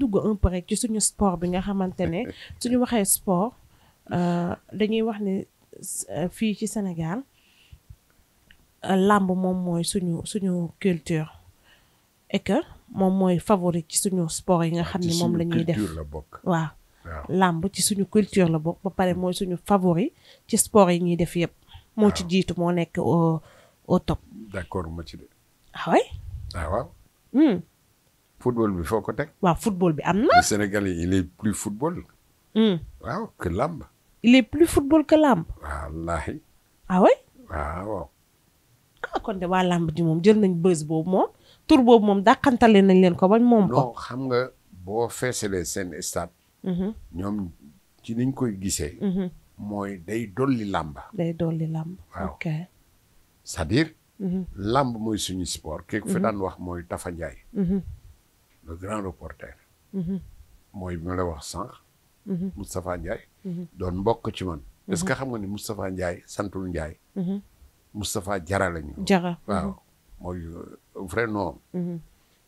dugg un peu ci suñu sport bi nga xamante ne suñu waxee sport euh, dañuy wax ni euh, fii ci Sénégal euh, làmb moom mooy suñu suñu culture et que moom mooy favori ci suñu sport yi nga xam ni moom la ñuy def waaw làmb ci suñu culture la bokk ba pare mooy suñu favori ci sport yi ñuy def yëpp moo ci jiitu moo nekk au au football bi foo ko teg. waaw football bi am na. le il est plus football. Hmm. waaw que làmb. il est plus football que làmb. wallaahi. ah oui. waaw. ah kon de waa làmb ji moom jël nañ bës boobu moom tur boobu moom dàqantale nañ leen ko bañ moom ko. xam nga boo feesalee seen stade. Mhm. ñoom ci niñ koy gisee. Mhm. mooy day dolli làmb. day dolli làmb. waaw ok cest mhm. làmb mooy suñu sport. ki ko daan wax mooy Tafa le grand reporter. Mhm. mooy bi ma la wax sànq. Mhm. Moustapha Ndiaye. Mhm. doon mbokk ci man. est-ce que xam nga ni Moustapha Ndiaye santul Ndiaye. Moustapha Jara lañu. Jara waaw mooy euh, vrai nom.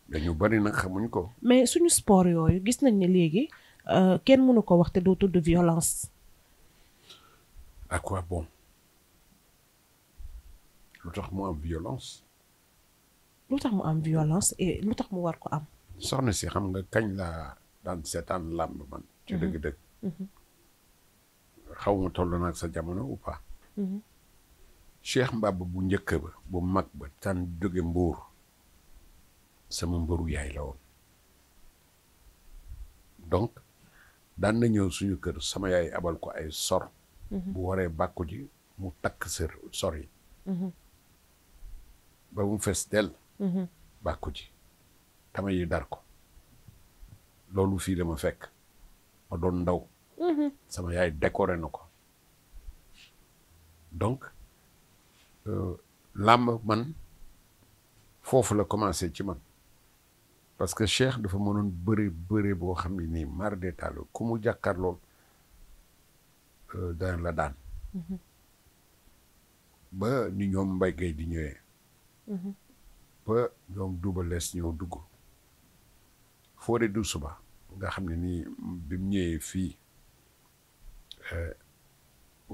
dañu bari nag xamuñ ko. mais suñu sport yooyu gis nañ ne léegi euh, kenn mënu ko wax te doo tudd violence. à quoi bon lu tax mu am violence. lu tax mu am violence et lu tax mu war ko am. soxna si xam nga kañ laa daan seetaan làmb man. ci mhm. dëgg-dëgg. Mhm. xaw ma toll nag sa jamono ou pas. Mhm. Cheikh Mbab bu njëkk ba bu mag ba tan jóge Mbour sama mbëru yaay la woon donc daan na ñëw suñu kër sama yaay abal ko ay sor. bu waree bàkku ji mu takk sër sor yi. ba mu fees dell. bàkku ji. tama yi dar ko loolu fii dama fekk ma doon ndaw mhm. sama yaay décoré na ko donc euh, làmb man foofu la commencé ci man parce que Cheikh dafa mënoon bëre bëre boo xam ne nii mar détaillé ku mu jàkkaarlool euh, daan la daan mhm. ba ni ñoom Mbaye di ñëwee mhm. ba ñoom Double Less ñëw dugg Fodé Doussouba nga xam ne nii bi mu ñëwee fii eh,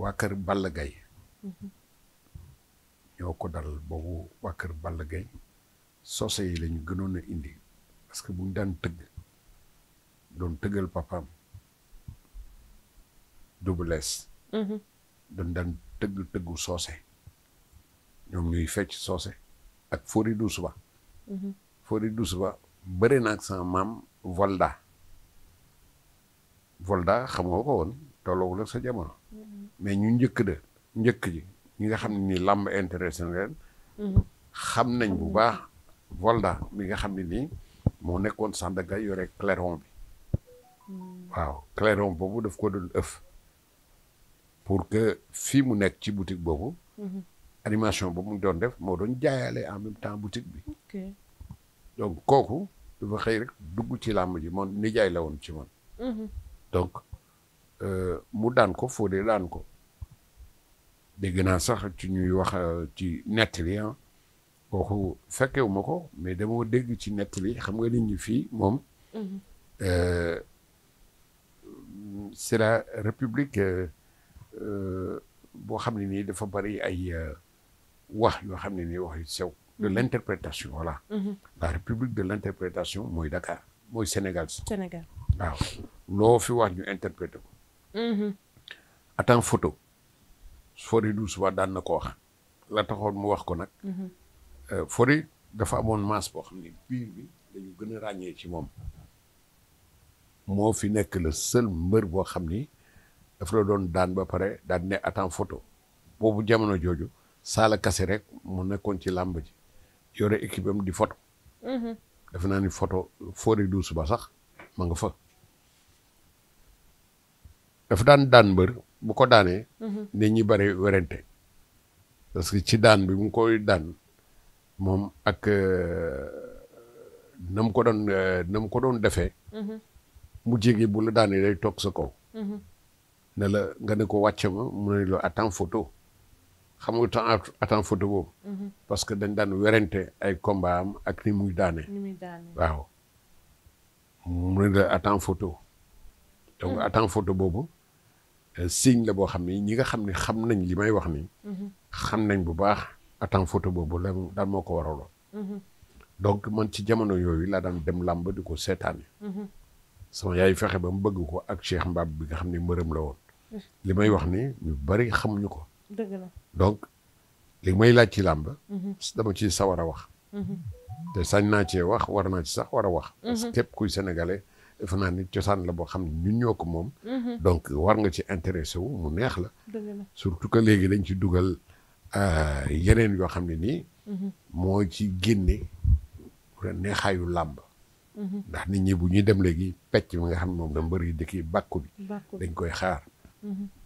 waa kër Balla mm-hmm. ñoo ko dal boobu waa kër Balla Gaye soose yi lañu gënoon a indi parce que bu ñu tëgg doon tëggal papaam Double Less mm-hmm. doon tëgg tëggu soose ñoom ñuy fecc soose ak Fodé Doussouba mm-hmm. Fodé Doussouba bëri na ak sama maam Volda Volda xam nga ko woon tolloowul ak sa jamono. Mm-hmm. mais ñu njëkk de njëkk ji ñi nga xam ni nii làmb intéressé mm-hmm. xam nañ bu mm-hmm. baax Volda mi nga xam ne nii moo nekkoon Sandaga yore clairon bi. waaw clairon boobu daf ko doon ëf pour que fii mu nekk ci boutique boobu. animation boobu mu doon def moo doon jaayaale en même temps boutique bi. donc kooku dafa xëy rek dugg ci làmb ji man nijaay la woon ci man. Mhm. donc euh, mu daan ko foo Fodé daan ko. dégg naa sax ci ñuy wax euh, ci nettali ah kooku fekkewuma ko mais dama dégg ci nettali xam nga nit ñi fii moom. Mhm. Euh, c'est la république boo xam ne nii dafa bari ay wax yoo xam ne nii wax yu sew. de l' interprétation mm-hmm. la république de l' mooy Dakar mooy Sénégal si. Sénégal waaw loo fi wax ñu interprété ko. Mm-hmm. attends photo. Fodé Doucewa daan na ko wax. la taxoon mu wax ko nag. Mm-hmm. Euh, Fodé dafa amoon masse boo xam ne biir bi dañu gën a ràññee ci moom. moo fi nekk le seul mbër boo xam ni daf la doon daan ba pare daan ne attends photo boobu jamono jooju saala kasi rek mu nekkoon ci làmb ji. yore équipe am di photo mhm. defe naa ni photo foore du suba sax ma nga fa dafa daan daan mbër bu ko daanee mhm. nit ñi bare werante parce que ci daan bi mu koy daan moom ak euh, na ko doon euh, na ko doon defee mhm. mu jege bu la daanee day toog sa kaw ne la nga ne ko wàcce ma mu ne la attends photo xam nga temps attend photo boobu. Mhm. parce que dañ daan werante ay combat ak ni muy daane. ni muy daane waaw. mu ne la attend photo. donc mhm. attend boobu euh, signe la boo xam ni ñi nga xam ni xam nañ li may wax ni mhm. xam nañ bu baax attend photo boobu la daal moo ko waraloon. donc man ci jamono yooyu laa daan dem làmb di ko seetaani. sama yaay fexe ba mu bëgg ko ak Cheikh Mbab bi nga xam ne mbërëm la woon. li may wax ni ñu bari xamuñu ko. donc li may laaj ci làmb mhm. dama ci sawar a wax mhm. te sañ naa cee wax war naa ci sax war a wax mhm. parce que képp kuy sénégalais dafa naa ni cosaan la boo xam ne ñun ñoo ko moom donc war nga ci intéressé wu mu neex la surtout que léegi dañ ci dugal euh, yeneen yoo xam ne nii moo ci génne neexaayu làmb ndax nit ñi bu ñuy dem léegi pecc bi nga xam ne moom da mbër yi dëkk yi bàkku bi dañ koy xaar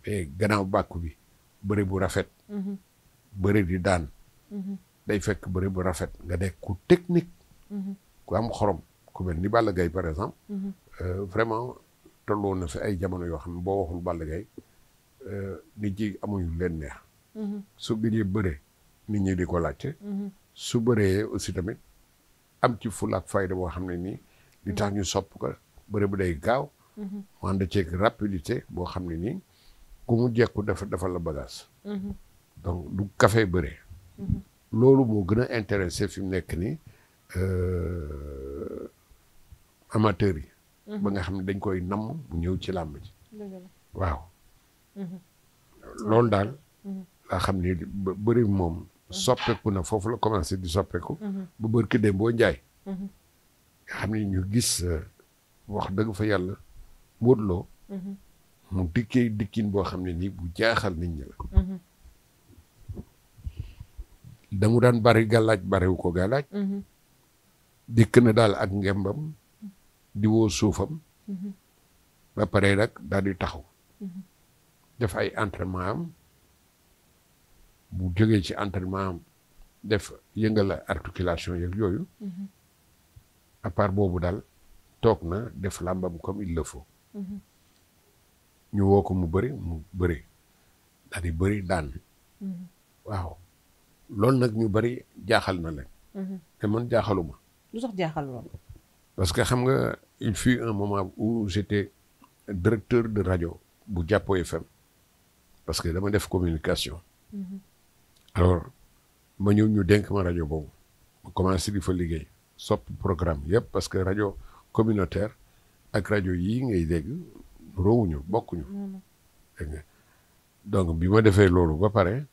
mais gannaaw bàkku bi bëri bu rafet. Mhm. bëri di daan. Mhm. day fekk bëri bu rafet nga nekk ku technique. Mhm. ku am xorom ku mel ni Balla gay par exemple. Euh, vraiment tolloon na fi ay jamono yoo xam ne boo waxul Balla Gaye euh, nit yi amuñu leen neex. su gëjee nit ñi di ko laajte. su bëree aussi tamit am ci fulla ak fayde boo xam ne nii. li tax ñu sopp ko bëri bu day gaaw. mu ànd ceeg rapidité boo xam ne nii. ku mu jekku dafa defal la bagage mhm. donc du café bëre mhm. loolu moo gën a intéressé fi mu nekk ni euh, amateurs yi mhm. ba nga xam ne dañ koy nam mu ñëw ci làmb ji waaw loolu daal laa xam ni bëri moom soppeeku na foofu la commencé di soppeeku bu bër ki boo njaay nga xam ne ñu gis euh, wax dëgg fa yàlla móodloo mu dikkee dikkin boo xam ne nii bu jaaxal nit ñi la. Mm-hmm. damu daan bari gàllaaj bariwu ko gàllaaj. Mm-hmm. dikk na daal ak ngembam. diwoo suufam. Mm-hmm. ba pare nag daal di taxaw. def ay entraînement am bu jógee ci entraînement am def yëngal articulation yeeg yooyu. à boobu daal toog na def làmbam comme il le faut. ñu woo ko mu bëri mu bëri daal di bëri daan mm-hmm. waaw loolu nag ñu bëri jaaxal na leen mm-hmm. te man jaaxaluma lu sax jaaxal loolu parce que xam nga il fut un moment où j'étais directeur de rajo bu Jàppo FM parce que dama def communication mm-hmm. alors ma ñëw ñu dénk ma rajo boobu ma commencé di fa liggéey sopp programme yëpp parce que rajo communautaire ak rajo yii ngay dégg roowuñu bokkuñu. donc bi ma defee loolu ba pare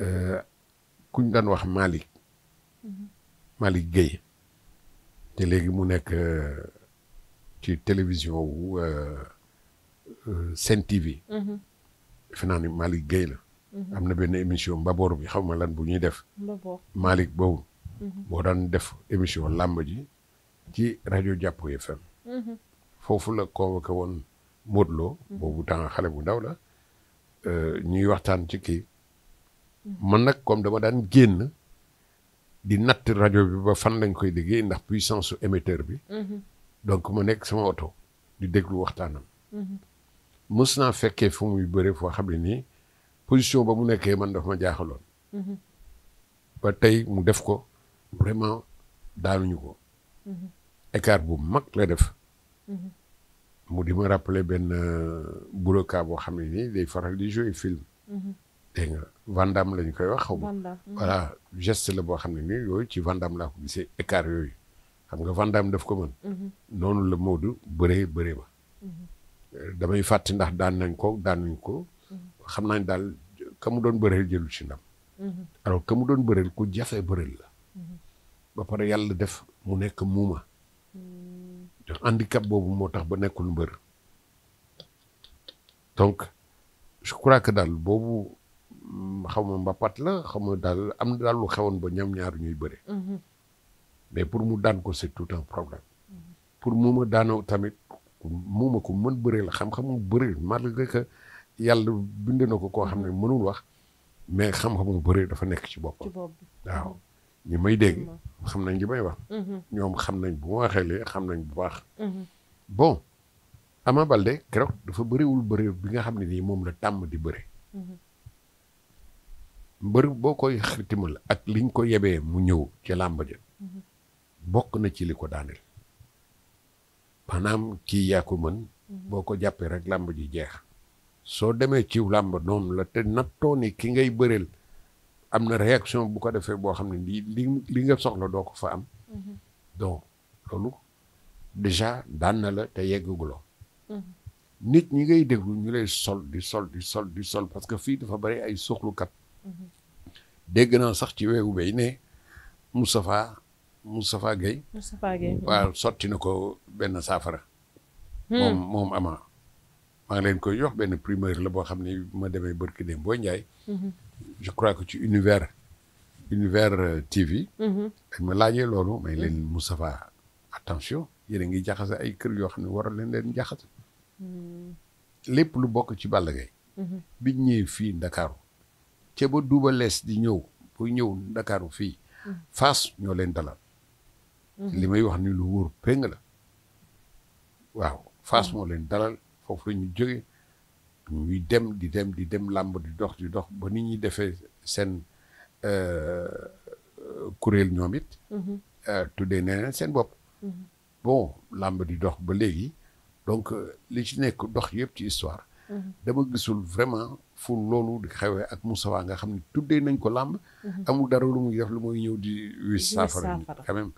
euh, kuñ daan wax Malick. Mhm. Malick Guèye. te léegi mu nekk euh, ci télévision wu euh, Sen TV. Mhm. defe naa ni Malick Guèye la. Mhm. am na benn émission mbaboor bi xam ma lan bu ñuy def. Malick boobu. boo daan def émission làmb ji ci rajo Jàpp FM. foofu la convoqué woon. Modou mm-hmm. boobu temps xale bu ndaw la euh, ñuy waxtaan ci kii mm-hmm. man nag comme dama daan génn di natt rajo bi ba fan lañ koy déggee ndax puissance su émetteur bi mm-hmm. donc ma nekk sama oto di déglu waxtaanam mës naa fekkee fu muy bëre foo xam ne nii position ba mu nekkee man dafa ma jaaxaloon ba tey mu def ko vraiment daanuñu ko écart bu mag la def mu di ma rappelé benn euh, buroka boo xam ne nii day faral di jouer film. Mm-hmm. dégg nga Vandam lañ koy wax. xaw ma mm-hmm. voilà la boo xam ne nii yooyu ci Vandam laa ko gisee yooyu xam nga Vandam daf ko mën. Mm-hmm. noonu la Modou bëree bëree ba. Euh, damay fàtti ndax daan nañ ko daan nañ ko. xam naa ne daal ka doon bëreel jëlul ci ndam. alors ka mu doon bëreel ku jafe bëreel la. ba pare yàlla def mu nekk muuma. te boobu moo tax ba nekkul mbër donc je crois daal boobu mm, xaw ma mbapat la xaw ma daal am na daal lu xewoon ba ñoom ñaar ñuy bëre. Mhm. mais pour mu daan ko c'est tout un problème. Mhm. pour mu ma tamit mu ma ko mën bëree la xam-xamu bëre malgré que yàlla bind na ko koo xam ne mhm. mënul wax mais xam-xamu bëre dafa nekk ci boppam. waaw. ñu may dégg xam nañ li may wax. Mhm. ñoom xam nañ bu ma waxee lee xam nañ bu baax. Mhm. bon Ama Baldé keroog dafa bëriwul bëri bi nga xam ne nii moom la tàmm di bëri. Mhm. mbër boo koy xitimal ak liñ ko yebee mu ñëw ci làmb ja bokk na ci li ko daaneel. maanaam kii yaa ko mën. boo ko jàppee rek làmb ji jeex. soo demee ci làmb noonu la te nattoo ni ki ngay bëreel. am na réaction bu ko defee boo xam ne li li li nga soxla doo ko fa am mhm. donc loolu déjà daan na la te yeggaguloo mhm. nit ñi ngay déglu ñu lay sol di sol di sol di sol parce que fii dafa bari ay soxlukat mhm. dégg naa sax ci weewu bay ne Moustapha Moustapha Gueye waaw sotti na ko benn saafara hmm. moom moom ama maa ngi leen koy jox benn primeur la boo xam ne ma demee barki dem boo njaay je crois que ci univers univers euh, TV. dañ mhm. ma laajee loolu may leen mhm. Moustapha attention yéen a ngi jaxase ay kër yoo xam ne war a leen leen jaxase. Mhm. lépp lu bokk ci Balla Gaye biñ ñëwee fii Ndakaaru ca ba Double di ñëw pour ñëw Ndakaaru fii Fass ñoo leen dalal li may wax ni lu wóor péng la waaw Fass moo leen dalal foofu la ñu jógee ñuy dem di dem di dem làmb di dox di dox ba ni ñuy defee seen euh, kuréel ñoom it. Mhm. Euh, tuddee neneen seen bopp. Mhm. bon làmb di dox ba léegi donc euh, li ci nekk dox yëpp ci histoire. Mhm. dama gisul vraiment fu loolu di xewee ak Moussawa nga xam ne tuddee nañ ko làmb. amul dara lu muy def lu muy ñëw di. wis saafara quand même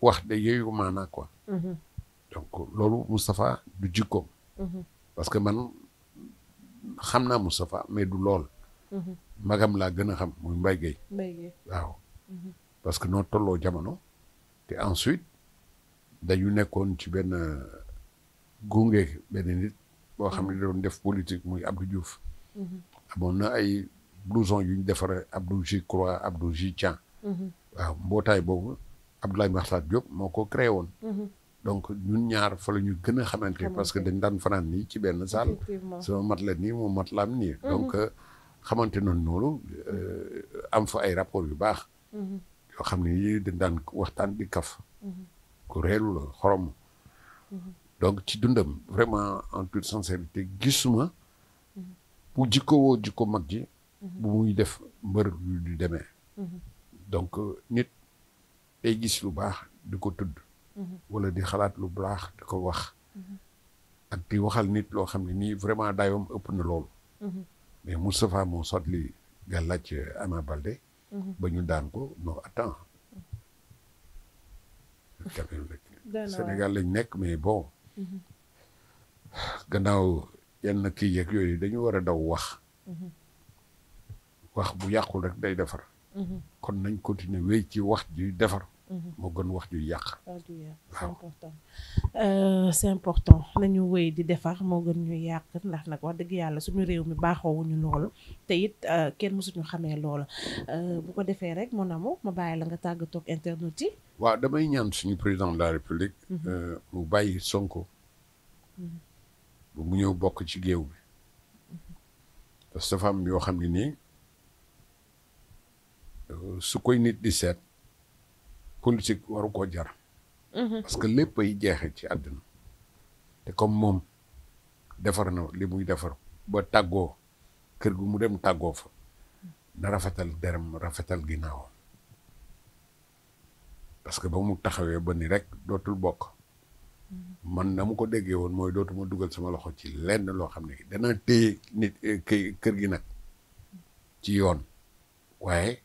wax de yooyu maanaa ko donc loolu Moustapha du jikkoom. parce man. xam naa Moustapha mais du lool. Mhm. magam laa gën a xam muy Mbaye Gueye. Mbaye mhm. parce que noo tolloo jamono. te ensuite dañu nekkoon ci benn euh, gunge benn nit. boo xam ne mhm. doon def politique muy Abdou Diouf. amoon na ay blouson yu ñu defaree Abdou J Croix Abdou J Tian. waaw mbootaay boobu Abdoulaye Makhtar Diop moo ko créé woon. donc ñun ñaar fa la ñu gën a xamante parce que dañ daan fanaan nii ci benn salle sama mat la nii moom mat laam nii mhm. donc euh, xamante noonu noonu euh, am fa ay rapport yu baax mhm. yoo xam ne yi dañ daan waxtaan di kaf mhm. ku reelu la xorom donc ci dundam vraiment en toute sincérité gisuma bu jikko woo jikko mag ji bu muy def mbër du demee donc euh, nit day gis lu baax di ko tudd wala di xalaat lu baax di ko wax. Mm-hmm. ak di waxal nit loo xam ne nii vraiment dayoom ëpp na loolu. Mm-hmm. mais Moustapha moo sotli nga laaj Ama Baldé. Mm-hmm. ba ñu daan ko non attends. Sénégal lañ nekk mais bon. gannaaw yenn kii yeeg yooyu dañu war a daw wax. wax bu yàqul rek day defar. kon nañ continuer wéy ci wax ji defar. Mhm. moo gën wax ju yàq. waaw euh, c'est important nañu wéy di defar moo gën ñu yàq ndax nag wax dëgg yàlla suñu réew mi baaxoowuñu loolu te it euh, kenn mësuñu xamee loola euh, bu ko defee rek mon amour ma bàyyi la nga tàggatoo ak internet yi. waaw damay ñaan suñu président de la république. Mhm. mu bàyyi Sonko. Mhm. bu mu ñëw bokk ci géew bi. parce que am yoo xam ne nii su koy nit di seet. politique waru koo jar. Mhm. parce que lépp ay jeexe ci àdduna. te comme moom defar na li muy defar ba tàggoo kër gu mu dem tàggoo fa na rafetal derem rafetal ginnaawam parce que ba mu taxawee ba ni rek dootul bokk. Mhm. man na mu ko déggee woon mooy dootuma dugal sama loxo ci lenn loo xam ne danaa téye nit eh, kër gi nag ci yoon waaye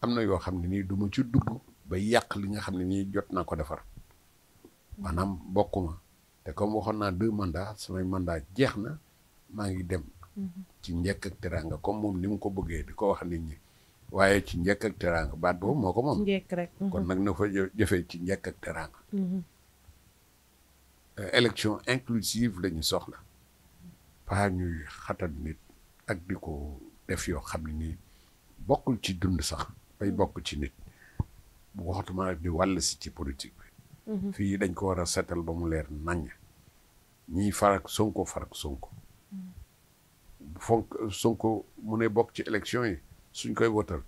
am na yoo xam ne nii duma ci dugg ba yàq li nga xam ne nii jot naa ko defar maanaam bokkuma te comme waxoon naa deux mandats samay mandat jeex na maa ngi dem mhm. ci njëkk ak teraanga comme moom ni mu ko bëggee di ko wax nit ñi waaye ci njëkk ak teraanga baat moo ko moom mhm. kon nag na fa jëfee ci njëkk ak teraanga mhm. euh, élection inclusive la soxla paa ñuy xatal nit ak di ko def yoo xam ne nii bokkul ci dund sax bay bokk ci nit waxtuma di wàll si ci politique bi. Mhm. fii dañ ko war a seetal ba mu leer naññ. ñii farak Sonko farak Sonko. Mhm. fonk Sonko mu ne bokk ci élection yi suñ koy wotal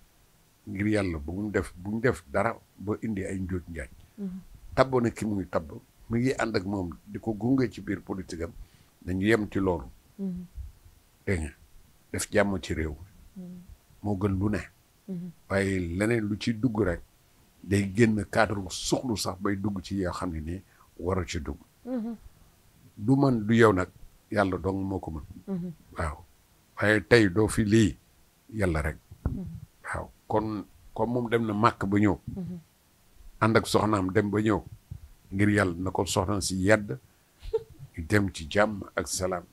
ngir yàlla bu mu def bu mu def dara ba indi ay njóot njaaj. Mhm. tabb na ki muy tabb mu ngi ànd ak moom di ko gunge ci biir politique dañu yem ci loolu. dégg nga def jàmm ci réew. moo gën lu ne. waaye leneen lu ci dugg rek. day génn cadre suxlu sax bay dugg ci yoo xam ne nii waru ci dugg mm-hmm. du man du yow nag yàlla dong moo ko mën mm-hmm. waaw waaye tey doo fi lii yàlla rek mm-hmm. waaw kon moom dem na màkk ba ñëw ànd ak soxnaam dem ba ñëw ngir yàlla na ko soxnaam si yedd dem ci jàmm ak salaam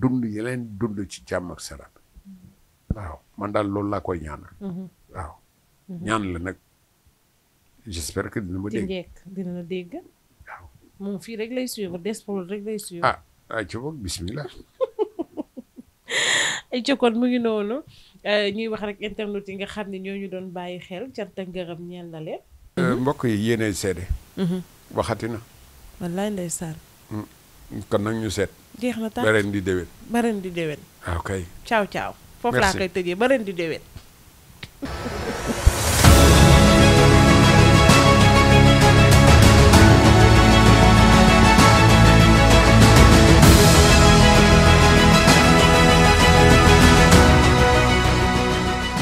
dund yeneen dund ci jàmm ak salaam waaw man daal loolu laa koy ñaanal waaw ñaan la nag j'espère que dina ma dégg moom fii rek lay suivre Desport rek lay suivre. ah ayca boog bismillah. ayca kon mu ngi noonu euh, ñuy wax rek internet yi nga xam ne ñoo ñu doon bàyyi xel cant ak ngërëm ñeel na leen. Euh, mhm. mbokk yi yéenay seede. Mhm. waxati na. wallaay ndeysaan. Mm. kon nag ñu seet. jeex na tax bareen di déwén. bareen di déwén. waaw ah, kay. caaw caaw. foofu laa koy tëjee bareen di déwén.